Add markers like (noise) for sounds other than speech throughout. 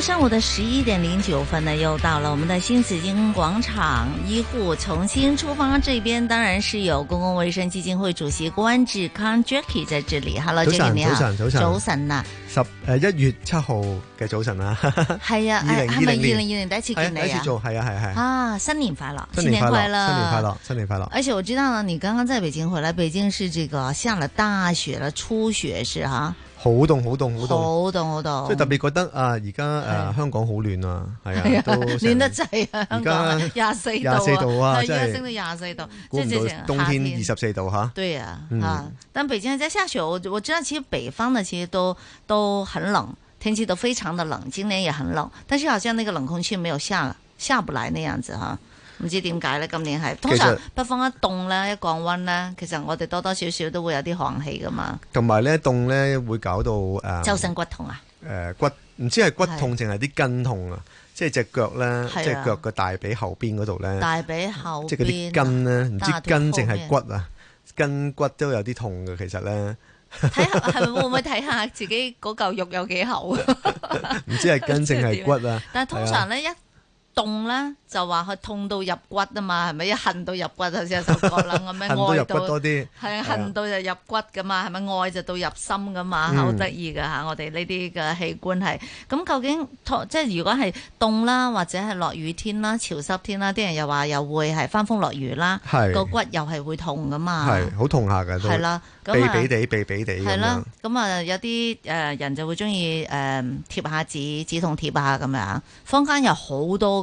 上午的十一點零九分呢，又到了我們的新紫荊廣場醫護重新出發，這邊當然是有公共衛生基金會主席關志康 Jacky 在這裡。Hello 哈嘍，早晨，早晨，早晨、啊，10, 呃、早晨啊！十誒一月七號嘅早晨啊，係啊，二零二零，二零二零，啊、一起做，一起做，係啊，係係啊，新年快樂，新年快樂，新年快樂，新年快樂。而且我知道呢，你剛,剛剛在北京回來，北京是這個下了大雪了，初雪是哈。啊好凍好凍好凍！好凍好凍！即係特別覺得啊，而家誒香港好暖啊，係啊，暖得滯啊！而家廿四廿四度啊，而家、啊、升到廿四度，即係冬天二十四度吓。啊對啊，嗯、啊，但北京在下雪。我我知道其實北方呢，其實都都很冷，天氣都非常的冷，今年也很冷。但是好像那個冷空氣沒有下下不來那樣子哈。啊唔知點解咧？今年係通常北方一凍咧，一降溫咧，其實我哋多多少少都會有啲寒氣噶嘛。同埋咧，凍咧會搞到誒。周身骨痛啊！誒骨唔知係骨痛定係啲筋痛啊！即係隻腳咧，即係腳個大髀後邊嗰度咧。大髀後邊。即係嗰啲筋咧，唔知筋定係骨啊？筋骨都有啲痛嘅，其實咧。睇下係咪會唔會睇下自己嗰嚿肉有幾厚？唔知係筋定係骨啊？但係通常咧一。凍咧就話佢痛到入骨啊嘛，係咪？一恨到入骨就啊，有首歌啦咁樣，恨到入骨多啲。係啊，恨到就入骨噶嘛，係咪？愛就到入心噶嘛，好得意噶吓！我哋呢啲嘅器官係咁，究竟即係如果係凍啦，或者係落雨天啦、潮濕天啦，啲人又話又會係翻風落雨啦，個骨又係會痛噶嘛？係好痛下嘅都。係啦，咁啊，痹痹地痹痹地。係啦，咁啊有啲誒人就會中意誒貼下止止痛貼下咁樣，坊間有好多。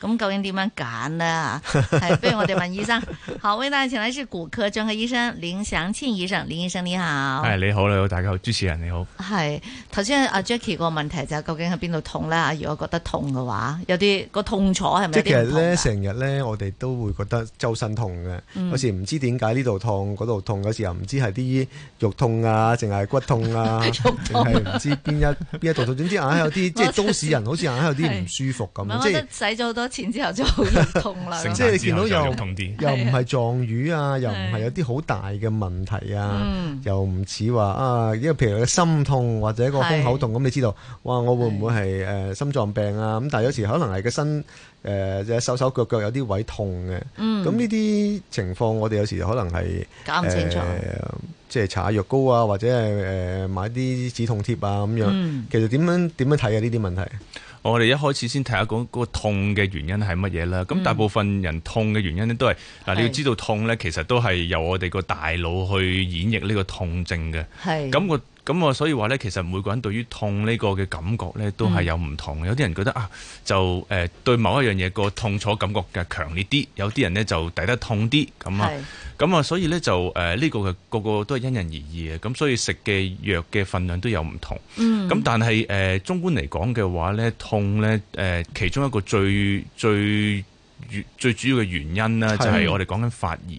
咁究竟點樣揀呢？係不如我哋問醫生。好，為大家請嚟是骨科專科醫生林祥慶醫生，林醫生你好。係你好你好，大家好。主持人你好。係頭先阿 Jackie 個問題就究竟喺邊度痛咧？如果覺得痛嘅話，有啲個痛楚係咪？即其實咧，成日咧，我哋都會覺得周身痛嘅。有時唔知點解呢度痛，嗰度痛，有時又唔知係啲肉痛啊，淨係骨痛啊，定係唔知邊一邊一度痛。總之，眼有啲即係都市人，好似眼有啲唔舒服咁，即使咗好多。錢之，之後就好痛啦， (laughs) 即係你見到後 (laughs) 的又又唔係撞瘀啊，的又唔係有啲好大嘅問題啊，嗯、又唔似話啊，因為譬如你心痛或者個胸口痛咁，的你知道哇，我會唔會係誒心臟病啊？咁的但係有時可能係個身誒隻手手腳腳有啲位痛嘅，咁呢啲情況我哋有時可能係，搞唔清楚，呃，即係搽下藥膏啊，或者係誒買啲止痛貼啊咁樣。其實點樣點樣睇啊？呢啲問題？我哋一開始先睇下嗰個痛嘅原因係乜嘢啦。咁大部分人痛嘅原因咧都係嗱，嗯、你要知道痛咧，其實都係由我哋個大腦去演繹呢個痛症嘅。係咁我。嗰個咁我、嗯、所以話咧，其實每個人對於痛呢個嘅感覺咧，都係有唔同。有啲人覺得啊，就誒、呃、對某一樣嘢個痛楚感覺嘅強烈啲；有啲人咧就抵，抵得痛啲。咁啊，咁啊是、嗯嗯，所以咧就誒呢、呃這個嘅個個，個個都係因人而異嘅。咁所以食嘅藥嘅份量都有唔同。咁、嗯、但係誒，總觀嚟講嘅話咧，痛咧誒、呃，其中一個最最最主要嘅原因咧，就係、是、我哋講緊發炎。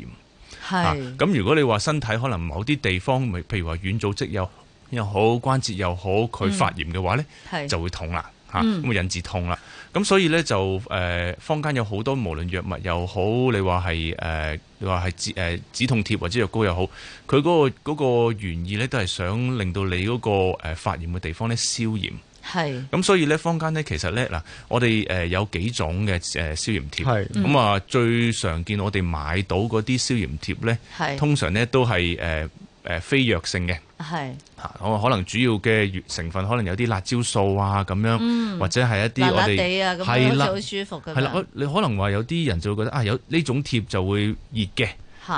係是。咁、啊嗯、如果你話身體可能某啲地方，咪譬如話軟組織有。又好，關節又好，佢發炎嘅話咧，嗯、就會痛啦嚇，咁啊引致痛啦。咁、嗯、所以咧就誒，坊間有好多無論藥物又好，你話係誒，你話係止誒、呃、止痛貼或者藥膏又好，佢嗰、嗰個嗰個原意咧都係想令到你嗰個誒發炎嘅地方咧消炎。係咁是、嗯，所以咧坊間咧其實咧嗱，我哋誒有幾種嘅誒消炎貼。係咁啊，嗯、最常見我哋買到嗰啲消炎貼咧，是通常咧都係誒。呃誒非藥性嘅係嚇，我是可能主要嘅成分可能有啲辣椒素啊咁樣，嗯、或者係一啲我哋係啦，辣辣哋啊、舒服嘅。係啦，你可能話有啲人就會覺得啊，有呢種貼就會熱嘅。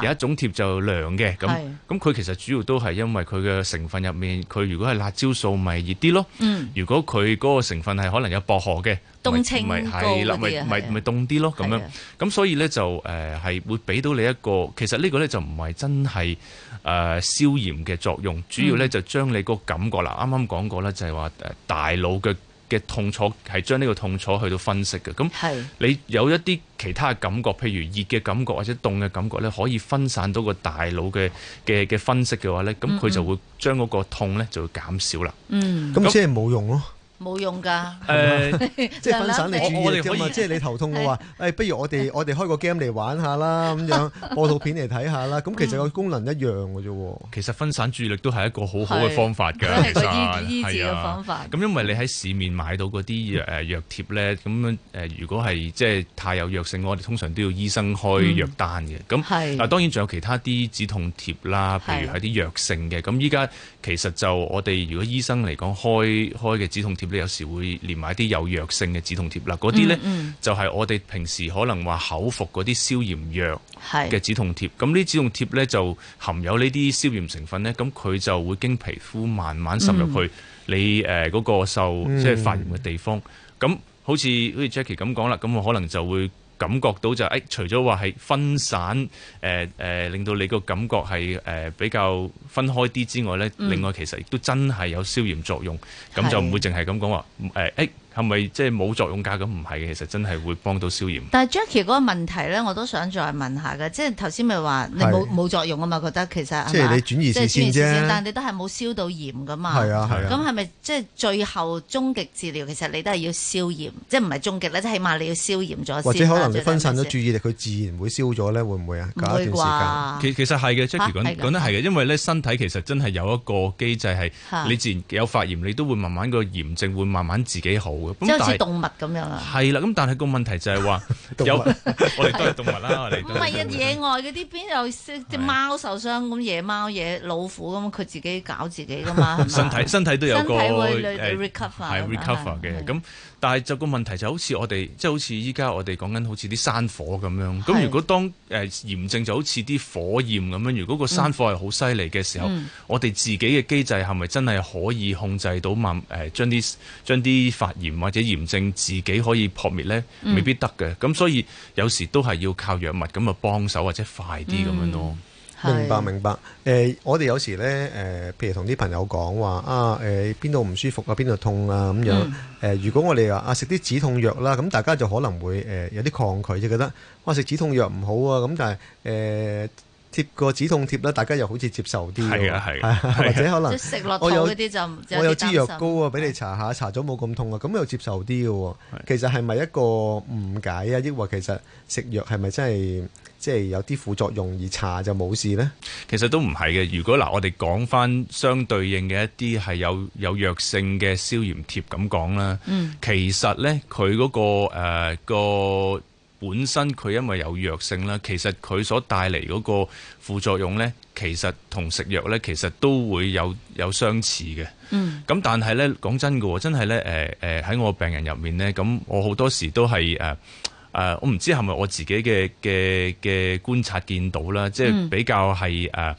有一種貼就涼嘅，咁咁佢其實主要都係因為佢嘅成分入面，佢如果係辣椒素，咪熱啲咯；嗯、如果佢嗰個成分係可能有薄荷嘅，冬青嘅，咪係啦，咪咪咪凍啲咯，咁樣。咁的所以咧就誒係、呃、會俾到你一個，其實呢個咧就唔係真係誒消炎嘅作用，主要咧就將你個感覺啦。啱啱講過咧，就係話誒大腦嘅。嘅痛楚係將呢個痛楚去到分析嘅，咁是你有一啲其他嘅感覺，譬如熱嘅感覺或者凍嘅感覺咧，可以分散到個大腦嘅嘅嘅分析嘅話咧，咁佢就會將嗰個痛咧就會減少啦。嗯，咁即係冇用咯。冇用㗎、嗯，誒，即係分散你注意力啫嘛。即係你頭痛嘅話，誒是的、哎，不如我哋我哋開個 game 嚟玩下啦，咁樣播套片嚟睇下啦。咁其實個功能一樣嘅啫。其實分散注意力都係一個好好嘅方法㗎，其實係啊。醫治嘅方法。咁 (laughs) 因為你喺市面買到嗰啲誒藥貼咧，咁誒、嗯、如果係即係太有藥性，我哋通常都要醫生開藥單嘅。咁嗱、嗯，當然仲有其他啲止痛貼啦，譬如係啲藥性嘅。咁依家其實就我哋如果醫生嚟講開開嘅止痛貼咧，有時會連埋啲有藥性嘅止痛貼啦，嗰啲咧就係我哋平時可能話口服嗰啲消炎藥嘅止痛貼。咁呢是止痛貼咧就含有呢啲消炎成分咧，咁佢就會經皮膚慢慢滲入去你誒嗰、嗯呃嗰個受即係、就係、發炎嘅地方。咁、嗯、好似好似 Jackie 咁講啦，咁我可能就會。感覺到就誒、哎，除咗話係分散誒誒、呃呃，令到你個感覺係誒、呃、比較分開啲之外咧，嗯、另外其實亦都真係有消炎作用，咁就唔會淨係咁講話誒誒。呃哎係咪即係冇作用㗎？咁唔係嘅，其實真係會幫到消炎。但係 Jackie 嗰個問題咧，我都想再問下㗎，即係頭先咪話你冇冇作用啊嘛？覺得其實即係你轉移視線，但你都係冇消到炎㗎嘛。係啊係啊。咁係咪即係最後終極治療？其實你都係要消炎，即係唔係終極咧？即係起碼你要消炎咗。或者可能你分散咗注意力，佢自然會消咗咧？會唔會啊？唔會啩？隔一段時間？其其實係嘅，Jackie 講講得係嘅，因為咧身體其實真係有一個機制係你自然有發炎，你都會慢慢個炎症會慢慢自己好。即好似動物咁樣啊，係啦，咁但係個問題就係話，有，我哋都係動物啦，我哋。唔係啊，野外嗰啲邊有隻貓受傷咁，野貓野老虎咁佢自己搞自己噶嘛？身體身體都有個係 recover 嘅。咁但係就個問題就好似我哋即係好似依家我哋講緊好似啲山火咁樣。咁如果當誒炎症就好似啲火焰咁樣，如果個山火係好犀利嘅時候，我哋自己嘅機制係咪真係可以控制到慢誒將啲將啲發炎？或者炎症自己可以撲滅咧，未必得嘅。咁、嗯、所以有時都係要靠藥物咁啊幫手或者快啲咁樣咯、嗯。明白明白。誒、呃，我哋有時咧誒、呃，譬如同啲朋友講話啊誒，邊度唔舒服啊，邊度痛啊咁樣。誒、嗯呃，如果我哋話啊食啲止痛藥啦，咁大家就可能會誒、呃、有啲抗拒，就覺得哇食止痛藥唔好啊。咁但係誒。呃貼個止痛貼啦，大家又好似接受啲㗎。係啊，係。或者可能食落啲就我有支藥膏啊，俾你搽下，搽咗冇咁痛啊，咁又接受啲嘅喎。其實係咪一個誤解啊？抑或其實食藥係咪真係即係有啲副作用而搽就冇事咧？其實都唔係嘅。如果嗱，我哋講返相對應嘅一啲係有有藥性嘅消炎貼咁講啦。嗯，其實咧佢嗰個誒個。本身佢因為有藥性啦，其實佢所帶嚟嗰個副作用咧，其實同食藥咧，其實都會有有相似嘅。嗯。咁但係咧，講真嘅，真係咧，誒誒喺我病人入面咧，咁我好多時都係誒誒，我唔知係咪我自己嘅嘅嘅觀察見到啦，即係比較係誒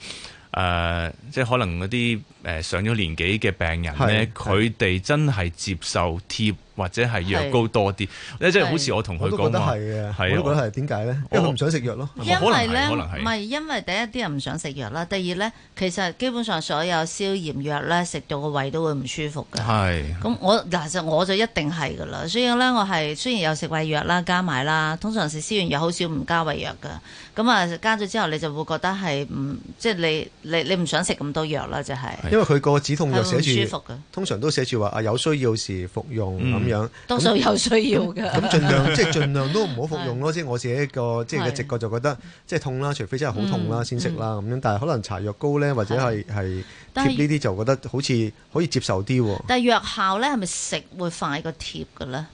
誒，即係可能嗰啲誒上咗年紀嘅病人咧，佢哋是真係接受貼。的或者係藥膏多啲，咧是即係好似我同佢講，我都覺得係嘅，是我都覺得係點解咧？因為佢唔想食藥咯。因為咧，唔係因為第一啲人唔想食藥啦，第二咧，其實基本上所有消炎藥咧，食到個胃都會唔舒服嘅。係是。咁我嗱就我就一定係㗎啦。所以咧，我係雖然有食胃藥啦，加埋啦，通常食消炎藥好少唔加胃藥㗎。咁啊，加咗之後你就會覺得係唔即係你你你唔想食咁多藥啦，就係、是。是因為佢個止痛藥寫住。係唔舒服㗎。通常都寫住話啊，有需要時服用。嗯咁樣，嗯、多數有需要嘅。咁儘量，即係儘量都唔好服用咯。即係是我自己個，即係嘅直覺就覺得，是即係痛啦，除非真係好痛啦，先食啦咁樣。吃嗯、但係可能搽藥膏咧，或者係係貼呢啲，就覺得好似可以接受啲。但係藥效咧，係咪食會快過貼嘅咧？誒、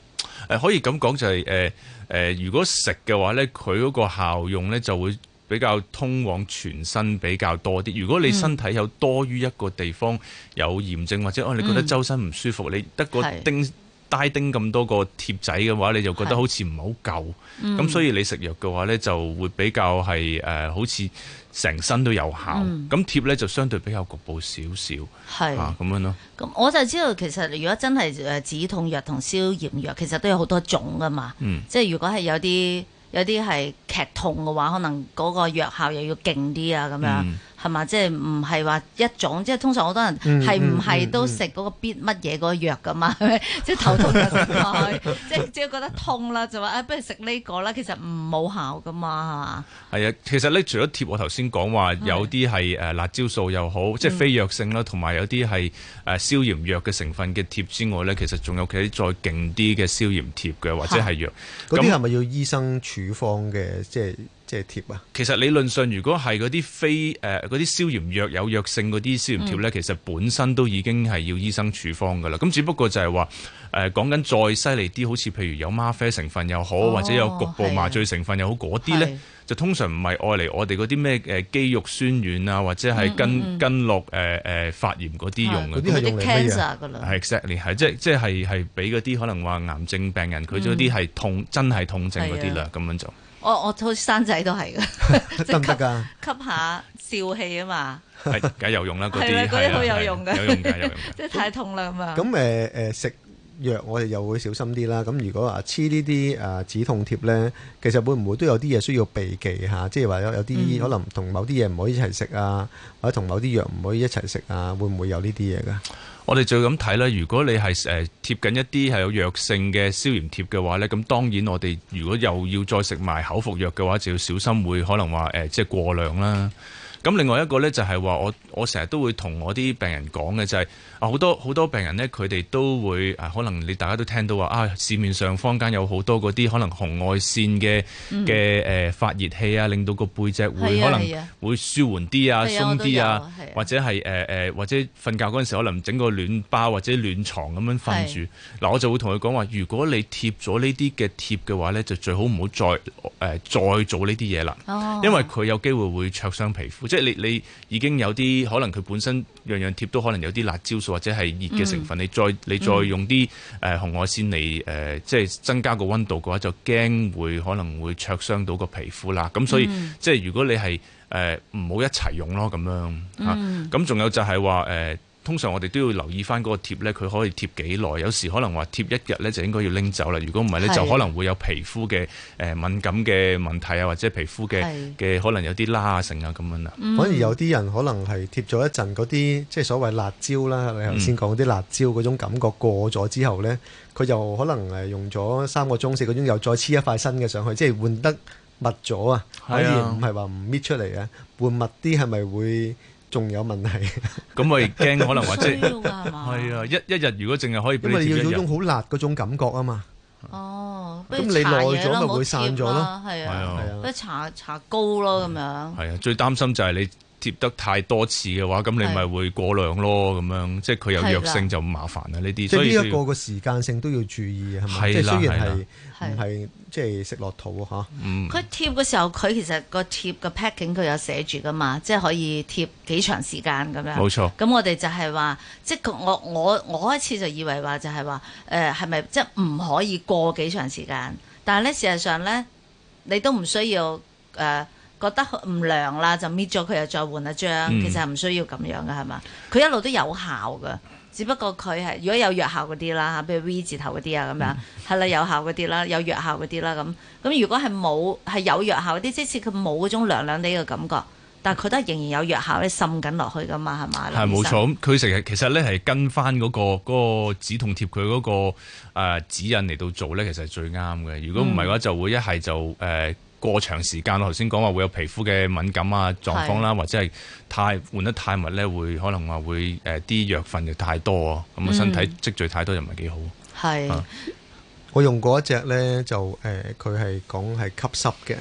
呃，可以咁講就係誒誒，如果食嘅話咧，佢嗰個效用咧就會比較通往全身比較多啲。如果你身體有多於一個地方有炎症，或者哦、啊，你覺得周身唔舒服，你得個丁是。帶釘咁多個貼仔嘅話，你就覺得好似唔係好夠咁，嗯、所以你食藥嘅話呢，就會比較係誒、呃，好似成身都有效。咁貼、嗯、呢，就相對比較局部少少是啊，咁樣咯。咁我就知道，其實如果真係誒止痛藥同消炎藥，其實都有好多種噶嘛。嗯、即係如果係有啲有啲係劇痛嘅話，可能嗰個藥效又要勁啲啊，咁樣。嗯係嘛？即係唔係話一種？即係通常好多人係唔係都食嗰個 B 乜嘢嗰個藥噶嘛？嗯嗯嗯、是是即係頭痛就 (laughs) 即係只要覺得痛啦，就話啊不如食呢、這個啦。其實唔冇效噶嘛？係啊，其實咧除咗貼，我頭先講話有啲係誒辣椒素又好，的即係非藥性啦，同埋有啲係誒消炎藥嘅成分嘅貼之外咧，其實仲有其他再勁啲嘅消炎貼嘅，或者係藥。嗰啲係咪要醫生處方嘅？即係。即係貼啊！其實理論上，如果係嗰啲非誒嗰啲消炎藥有藥性嗰啲消炎貼咧，其實本身都已經係要醫生處方㗎喇。咁只不過就係話誒講緊再犀利啲，好似譬如有嗎啡成分又好，或者有局部麻醉成分又好，嗰啲咧就通常唔係愛嚟我哋嗰啲咩誒肌肉酸軟啊，或者係跟跟落誒誒發炎嗰啲用嘅。嗰啲係用嚟咩啊？係 exactly 係即即係係俾嗰啲可能話癌症病人佢嗰啲係痛真係痛症嗰啲啦，咁樣就。我我好似生仔都係嘅， (laughs) 即係吸行行啊吸下笑氣啊嘛，梗係 (laughs) 有用啦嗰啲，嗰啲都有用嘅，啊，有用嘅有用嘅，即係太痛啦咁啊！咁誒誒食藥我哋又會小心啲啦。咁如果話黐呢啲誒止痛貼呢，其實會唔會都有啲嘢需要避忌吓？即係話有啲可能同某啲嘢唔可以一齊食啊，或者同某啲藥唔可以一齊食啊？會唔會有呢啲嘢噶？我哋就咁睇啦。如果你係誒貼緊一啲係有藥性嘅消炎貼嘅話呢，咁當然我哋如果又要再食埋口服藥嘅話，就要小心會可能話誒即係過量啦。咁另外一個咧，就係話我我成日都會同我啲病人講嘅就係、是、啊，好多好多病人咧，佢哋都會啊，可能你大家都聽到話啊，市面上坊間有好多嗰啲可能紅外線嘅嘅誒發熱器啊，令到個背脊會、啊、可能會舒緩啲啊鬆啲啊，啊，啊，啊或者係誒誒或者瞓覺嗰陣時可能整個暖包或者暖床咁樣瞓住。嗱我就會同佢講話，如果你貼咗呢啲嘅貼嘅話咧，就最好唔好再誒、呃、再做呢啲嘢啦。哦、因為佢有機會會灼傷皮膚。即係即係你你已經有啲可能佢本身樣樣貼都可能有啲辣椒素或者係熱嘅成分，嗯、你再你再用啲誒、呃、紅外線嚟誒、呃，即係增加個温度嘅話，就驚會可能會灼傷到個皮膚啦。咁所以、嗯、即係如果你係誒唔好一齊用咯咁樣嚇。咁、啊、仲、嗯、有就係話誒。呃通常我哋都要留意翻嗰個貼咧，佢可以貼幾耐？有時可能話貼一日咧就應該要拎走啦。如果唔係咧，就可能會有皮膚嘅誒敏感嘅問題啊，或者皮膚嘅嘅可能有啲拉啊成啊咁樣啊。反而有啲人可能係貼咗一陣嗰啲即係所謂辣椒啦，你頭先講嗰啲辣椒嗰種感覺過咗之後咧，佢就可能誒用咗三個鐘四個鐘又再黐一塊新嘅上去，即係換得密咗啊。反而唔係話唔搣出嚟嘅，換密啲係咪會？仲有問題，咁我亦驚可能或者係，啊一一日如果淨係可以俾你啲要有種好辣嗰種感覺啊嘛。哦，咁你耐咗咪會散咗咯，係啊，係啊，係啊。一搽搽膏咯咁樣。係啊，最擔心就係你。貼得太多次嘅話，咁的你咪會過量咯，咁樣即係佢有藥性就唔麻煩啦。呢啲的以即係呢一個個時間性都要注意嘅，係咪？係啦的，係啦，係的即係食落肚吓。佢的、嗯、貼嘅時候，佢其實個貼嘅 packing 佢有寫住噶嘛，即係可以貼幾長時間咁樣。冇錯。咁我哋就係話，即係我我我開始就以為話就係話，誒係咪即係唔可以過幾長時間？但係咧事實上咧，你都唔需要誒。呃呃呃覺得唔涼啦，就搣咗佢又再換一張，其實唔需要咁樣㗎係嘛？佢一路都有效㗎，只不過佢係如果有藥效嗰啲啦吓，譬如 V 字頭嗰啲啊咁樣係啦、嗯，有效嗰啲啦，有藥效嗰啲啦咁。咁如果係冇係有藥效嗰啲，即使佢冇嗰種涼涼哋嘅感覺，但係佢都係仍然有藥效滲緊落去㗎嘛係嘛？係冇是錯，佢成日其實咧係跟翻嗰個嗰個止痛貼佢嗰個誒指引嚟到做咧，其實係、那個那個那個呃、最啱嘅。如果唔係嘅話，就會一係就誒。呃嗯過長時間，我頭先講話會有皮膚嘅敏感啊狀況啦，是的 或者係太換得太密咧，會可能話會誒啲藥份就太多，啊。咁啊身體積聚太多又唔係幾好。係，是的 啊、我用過一隻咧就誒，佢係講係吸濕嘅，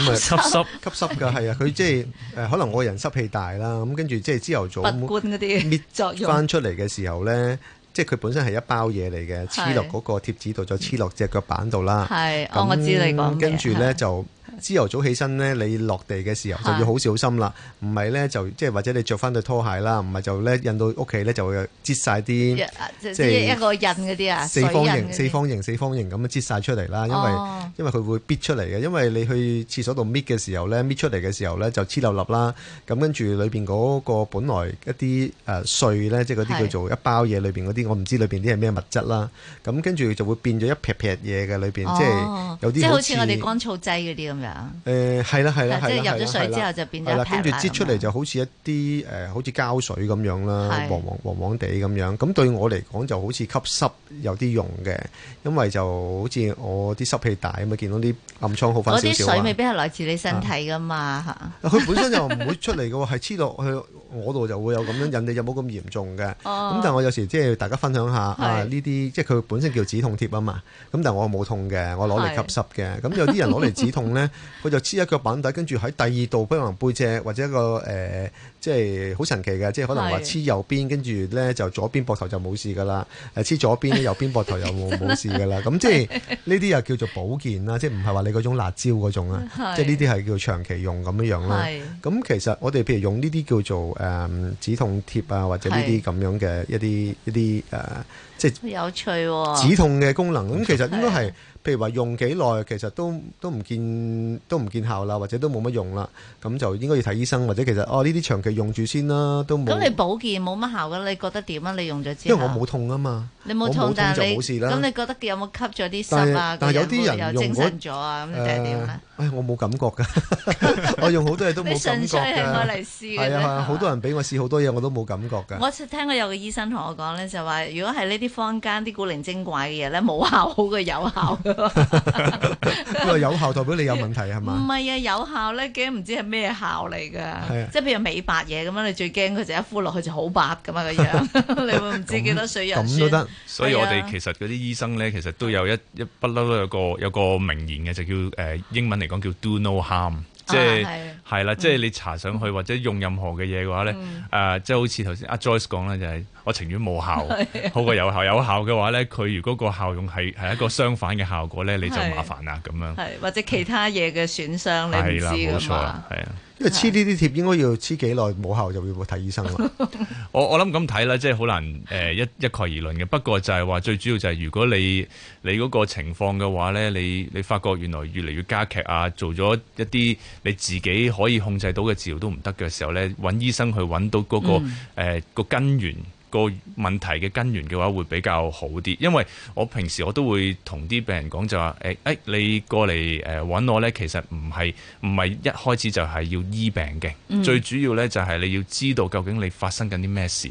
吸濕濕吸濕嘅係啊，佢即係誒、呃、可能我人濕氣大啦，咁跟住即係朝頭早咁關嗰啲滅作用翻出嚟嘅時候咧。即係佢本身係一包嘢嚟嘅，黐落嗰個貼紙度，再黐落隻腳板度啦。係是，樣我知你講嘢。跟住咧就。朝頭早起身呢，你落地嘅時候就要好小心啦。唔係呢就即係或者你著翻對拖鞋啦，唔係就呢印到屋企呢就會擠曬啲，即係一個印嗰啲啊，四方形、四方形、四方形咁樣擠曬出嚟啦。因為因為佢會逼出嚟嘅，因為你去廁所度搣嘅時候呢，搣出嚟嘅時候呢就黐溜溜啦。咁跟住裏邊嗰個本來一啲誒碎呢，即係嗰啲叫做一包嘢裏邊嗰啲，我唔知裏邊啲係咩物質啦。咁跟住就會變咗一撇撇嘢嘅裏邊，即係有啲即係好似我哋乾燥劑嗰啲咁樣。誒，係啦，嗯，係啦，係啦，即係入咗水之後就變咗，跟住擠出嚟就好似一啲誒、呃，好似膠水咁樣啦的，黃黃黃黃地咁樣。咁對我嚟講就好似吸濕。有啲用嘅，因為就好似我啲濕氣大咁啊，見到啲暗瘡好翻少少啊！我啲水未必係來自你身體噶嘛嚇，佢、啊、本身就唔會出嚟嘅喎，係黐落去我度就會有咁樣印，你有冇咁嚴重嘅？咁、哦、但係我有時即係大家分享下是啊呢啲，即係佢本身叫止痛貼啊嘛。咁但係我冇痛嘅，我攞嚟吸濕嘅。咁是有啲人攞嚟止痛咧，佢 (laughs) 就黐一腳板底，底，跟住喺第二度，可能背脊或者一個誒、呃，即係好神奇嘅，即係可能話黐右邊，跟住咧就左邊膊頭就冇事噶啦，誒黐是 (laughs) 左，左邊。左邊 (laughs) (laughs) 又邊膊頭又冇冇事嘅啦，咁 (laughs) 即係呢啲又叫做保健啦， (laughs) 即係唔係話你嗰種辣椒嗰種啊， (laughs) 即係呢啲係叫長期用咁樣樣啦。咁 (laughs) 其實我哋譬如用呢啲叫做誒、呃、止痛貼啊，或者呢啲咁樣嘅一啲 (laughs) 一啲誒、呃，即係有趣止痛嘅功能。咁、 (laughs) 嗯、其實應該係。譬如話用幾耐，其實都都唔見都唔見效啦，或者都冇乜用啦，咁就應該要睇醫生，或者其實哦呢啲長期用住先啦。都咁你保健冇乜效嘅，你覺得點啊？你用咗之後，因為我冇痛啊嘛，你冇沒 痛，但係你咁你，你覺得有冇吸咗啲濕啊？但係有啲人又精神咗啊，咁你點啊？我冇感覺噶， (laughs) 我用好多嘢都冇感覺，純粹係 (laughs) 我嚟試嘅。係啊係啊，好的的多人俾我試好多嘢，我都冇感覺噶。我聽過有個醫生同我講咧，就話如果係呢啲坊間啲古靈精怪嘅嘢咧，冇效好過有效。咁啊，有效代表你有問題係嘛？唔係啊，有效咧驚唔知係咩效嚟噶。即係譬如美白嘢咁樣，你最驚佢就一敷落去就好白咁啊個樣。你會唔知幾多水人算？咁都得，所以我哋其實嗰啲醫生咧，其實都有一一不嬲都有個有個名言嘅，就叫誒、呃、英文。嚟講叫 Do no harm，即係係啦，即係你搽上去或者用任何嘅嘢嘅話咧，誒、嗯呃，即係好似頭先阿 Joyce 講啦，就係、是、我情願冇效，的好過有效。有效嘅話咧，佢如果個效用係係一個相反嘅效果咧，你就麻煩啦咁樣。係或者其他嘢嘅損傷你唔知啊嘛。冇錯啦，係啊。黐呢啲貼應該要黐幾耐，冇效就要睇醫生咯 (laughs) 。我我諗咁睇啦，即係好難誒、呃、一一概而論嘅。不過就係話最主要就係如果你你嗰個情況嘅話呢，你你發覺原來越嚟越加劇啊，做咗一啲你自己可以控制到嘅治療都唔得嘅時候呢，揾醫生去揾到嗰、那個誒個、嗯呃、根源。個問題嘅根源嘅話，會比較好啲，因為我平時我都會同啲病人講就話，誒、欸、誒、欸，你過嚟誒揾我呢，其實唔係唔係一開始就係要醫病嘅，嗯、最主要呢，就係、是、你要知道究竟你發生緊啲咩事。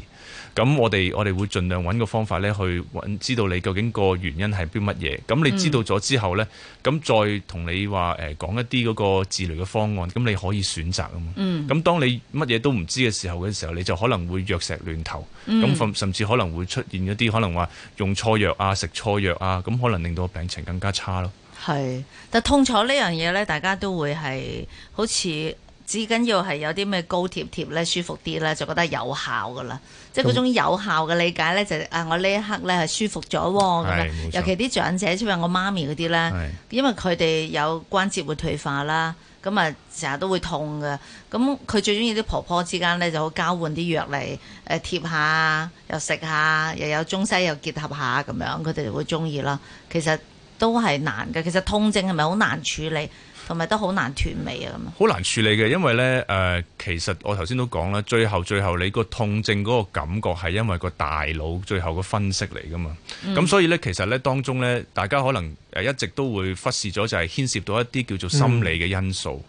咁我哋我哋會盡量揾個方法咧，去揾知道你究竟個原因係啲乜嘢。咁你知道咗之後呢，咁、嗯、再同你話誒、呃、講一啲嗰個治療嘅方案，咁你可以選擇啊嘛。咁、嗯、當你乜嘢都唔知嘅時候嘅時候，你就可能會藥石亂投。咁、嗯、甚至可能會出現一啲可能話用錯藥啊、食錯藥啊，咁可能令到病情更加差咯。係，但痛楚呢樣嘢呢，大家都會係好似。只緊要係有啲咩膏貼貼，咧舒服啲咧，就覺得有效噶啦。即係嗰種有效嘅理解咧、就係，就、嗯、啊我呢一刻咧係舒服咗㗎、哎、尤其啲長者，即係我媽咪嗰啲咧，哎、因為佢哋有關節會退化啦，咁啊成日都會痛嘅。咁佢最中意啲婆婆之間咧就好交換啲藥嚟，誒貼下，又食下，又有中西又結合下咁樣，佢哋就會中意啦。其實都係難嘅。其實痛症係咪好難處理？係咪都好難斷尾啊？咁好難處理嘅，因為咧誒、呃，其實我頭先都講啦，最後最後你個痛症嗰個感覺係因為個大腦最後嘅分析嚟噶嘛，咁、嗯、所以咧其實咧當中咧，大家可能誒一直都會忽視咗，就係牽涉到一啲叫做心理嘅因素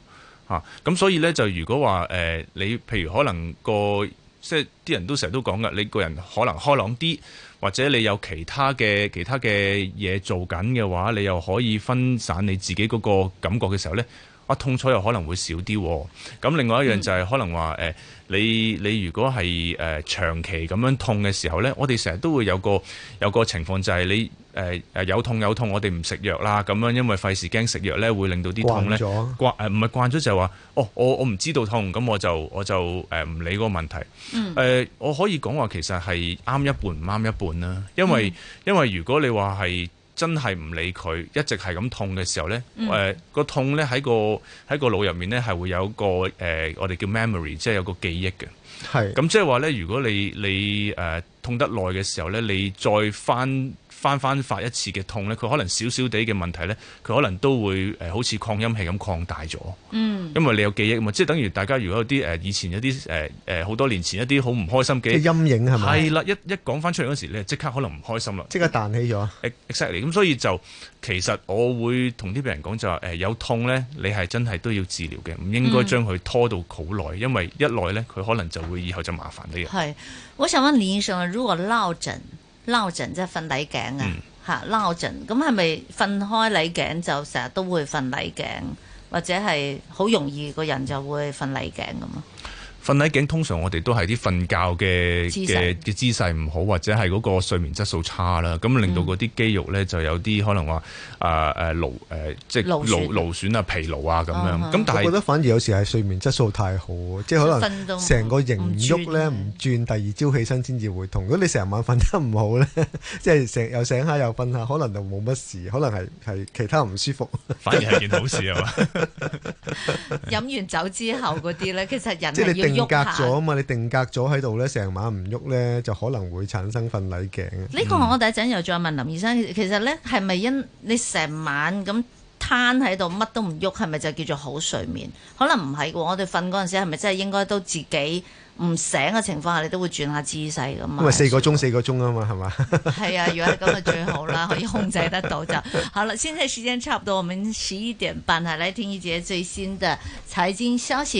吓，咁、嗯啊、所以咧就如果話誒、呃，你譬如可能個。即係啲人都成日都講㗎，你個人可能開朗啲，或者你有其他嘅其他嘅嘢做緊嘅話，你又可以分散你自己嗰個感覺嘅時候呢，啊痛楚又可能會少啲啊。咁另外一樣就係、是嗯、可能話誒。欸你你如果係誒、呃、長期咁樣痛嘅時候咧，我哋成日都會有個有個情況就係你誒誒、呃、有痛有痛，我哋唔食藥啦咁樣，因為費事驚食藥咧會令到啲痛咧慣誒唔係慣咗就話、係、哦我我唔知道痛，咁我就我就誒唔、呃、理嗰個問題誒、嗯呃、我可以講話其實係啱一半唔啱一半啦，因為、嗯、因為如果你話係。真係唔理佢，一直係咁痛嘅時候咧，誒、嗯呃個痛咧喺個喺個腦入面咧係會有一個誒、呃、我哋叫 memory，即係有個記憶嘅。係咁是即係話咧，如果你你誒、呃、痛得耐嘅時候咧，你再翻。翻翻發一次嘅痛咧，佢可能少少地嘅問題咧，佢可能都會誒好似擴音器咁擴大咗。嗯，因為你有記憶嘛，即係等於大家如果有啲誒以前有啲誒誒好多年前一啲好唔開心嘅陰影係咪？係啦，一一講翻出嚟嗰時，你即刻可能唔開心啦，即刻彈起咗。exactly 咁，所以就其實我會同啲病人講就話誒有痛咧，你係真係都要治療嘅，唔應該將佢拖到好耐，因為一耐咧佢可能就會以後就麻煩啲嘅。係，我想問李醫生，如果落枕？落枕即係瞓捩頸啊，嚇，落枕，咁係咪瞓開捩頸就成日都會瞓捩頸，或者係好容易個人就會瞓捩頸咁啊？瞓喺頸通常我哋都係啲瞓覺嘅嘅嘅姿勢唔好，或者係嗰個睡眠質素差啦，咁、嗯、令到嗰啲肌肉咧就有啲可能話誒誒勞誒即係勞勞損啊、疲勞啊咁樣。咁、哦、但係是我覺得反而有時係睡眠質素太好，即係可能成個營喐咧唔轉，第二朝起身先至會痛。如果你成晚瞓得唔好咧， (laughs) 即係成又醒下又瞓下，可能就冇乜事，可能係係其他唔舒服，反而係件好事係嘛？ (laughs) (laughs) 飲完酒之後嗰啲咧，其實人隔咗啊嘛，你定格咗喺度咧，成晚唔喐咧，就可能會產生瞓捩頸。呢個我第一陣又再問林醫生，嗯、其實咧係咪因你成晚咁攤喺度，乜都唔喐，係咪就叫做好睡眠？可能唔係嘅，我哋瞓嗰陣時係咪真係應該都自己唔醒嘅情況下，你都會轉下姿勢咁嘛？因為四個鐘四個鐘啊嘛，係嘛？係 (laughs) 啊，如果係咁就最好啦，可以控制得到就。好啦，先呢時間差唔多，我們十一點半啊，來聽一節最新的財經消息。